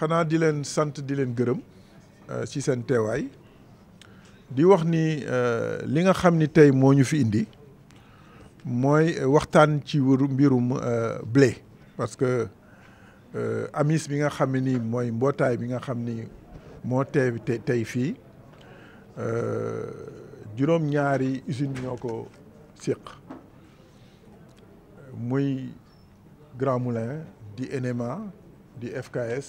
xanaa di leen sant di leen gërëm euh, ci seen teewaay di wax ni euh, li nga xam ni tey moo ñu fi indi mooy waxtaan ci wër mbirum euh, blé parce que amis bi nga xam ni mooy mbootaay bi nga xam ni moo teew tey fii juróom-ñaari usine ñoo ko séq muy Grand Moulin di NMA di FKS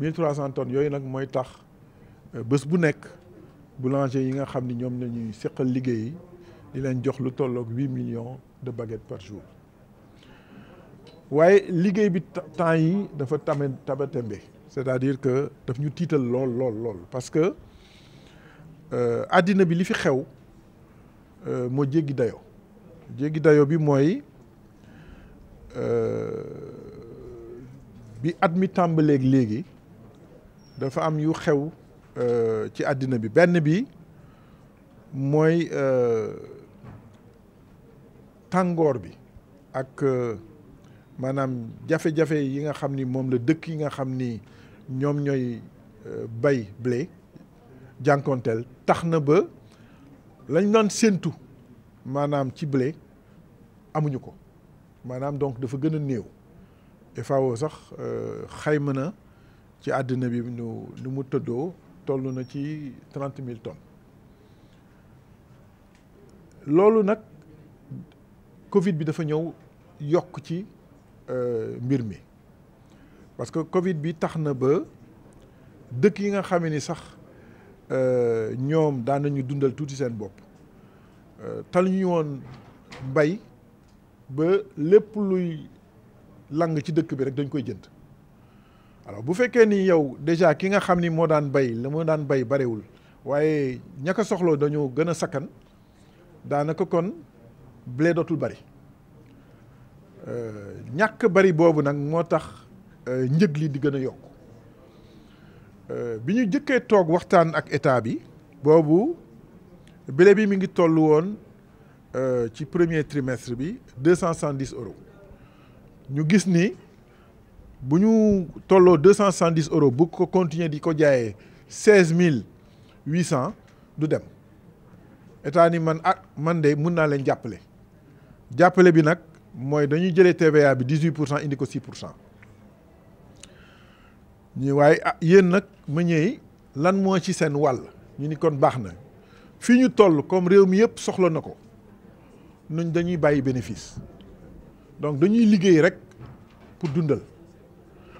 1300 tonnes yooyu nag mooy tax euh, bés bu nekk boulanger yi nga xam ni ñoom nañuy seqal di leen jox lu tolloog 8 millions de baguettes par jour waaye liggéey bi temps yi dafa tame tabatembe c'est-à-dire que daf ñu lol lol lol, parce que euh, àddina bi li fi xew euh, moo jéggi dayo jéggi dayo bi mooy bi at mi tàmbaleeg dafa am yu xew euh, ci àddina bi benn bi mooy euh, tàngoor bi ak euh, maanaam jafe-jafe yi nga xam ni moom la dëkk yi nga xam ni ñoom ñooy bay blé jànkonteel tax na ba lañ doon séentu maanaam ci blé amuñu ko maanaam donc dafa gën a néew FAO sax xayma na ci aduna bi nu nu mu tëddoo tollu na ci trente mille tonnes loolu nag Covid bi dafa ñëw yokk ci euh, mbir mi parce que Covid bi tax na ba dëkk yi nga xam ni sax euh, ñoom daan nañu dundal tuuti seen bopp euh, tal ñu woon mbay ba lépp luy lang ci dëkk bi rek dañ koy jënd. alors bu fekkee ni yow déjà ki nga xam ni moo daan bay la moo daan bay barewul waaye ña ko soxloo dañoo gën a sakkan daanaka kon blé dootul bari euh, ñàkk bari boobu nag moo tax euh, njëg li di gën a yokk euh, bi ñu jëkkee toog waxtaan ak état bi boobu blé bi mi ngi toll woon ci premier trimestre bi deux cent soixante-dix euros ñu gis ni bu ñu tolloo 210 euros bu ko continuer di ko jaayee 800 euros. du dem état man ak ah, man de mun naa leen jàppale jàppale bi nag mooy TVA bi 18% ah, ni kon baax na toll comme réew mi yëpp soxla na nuñ bénéfice donc dañuy liggéey rek pour dundal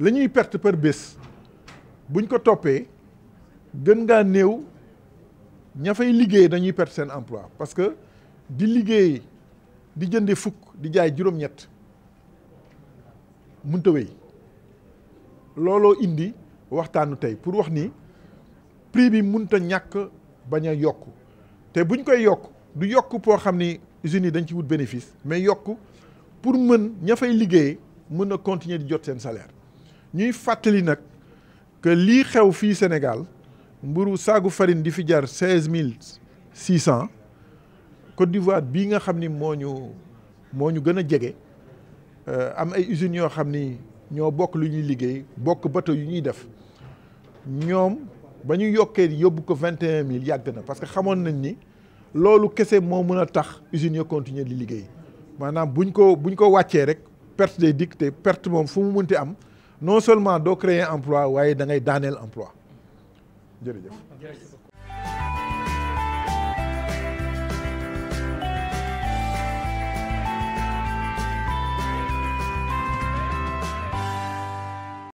la ñuy perte par bés buñ ko toppee gën ngaa néew ña fay liggéey dañuy perte seen emploi parce que di liggéey di jënde fukk di jaay juróom-ñett mënta wéy looloo indi waxtaanu tey pour wax ni prix bi mënta ñàkk bañ a yokk te buñ koy du ni dañ ci wut bénéfice mais yokk pour mën ña fay liggéey continuer di jot salaire ñuy fàttali nag que lii xew fii Sénégal mburu saagu farine di fi jar seize mille six cent Côte d'Ivoire bii nga xam ni moo ñu moo ñu gën a jege euh, am ay usines yoo xam ni ñoo bokk lu ñuy liggéey bokk bateau yu ñuy def ñoom ba ñu yokkee yóbbu ko vingt et un mille yàgg na parce que xamoon nañ ni loolu kese moo mën a tax usine yo continuer di liggéey maanaam buñ ko buñ ko wàccee rek perte day dikk te perte moom fu mu munti am non seulement de créer emploi mais aussi ngay emploi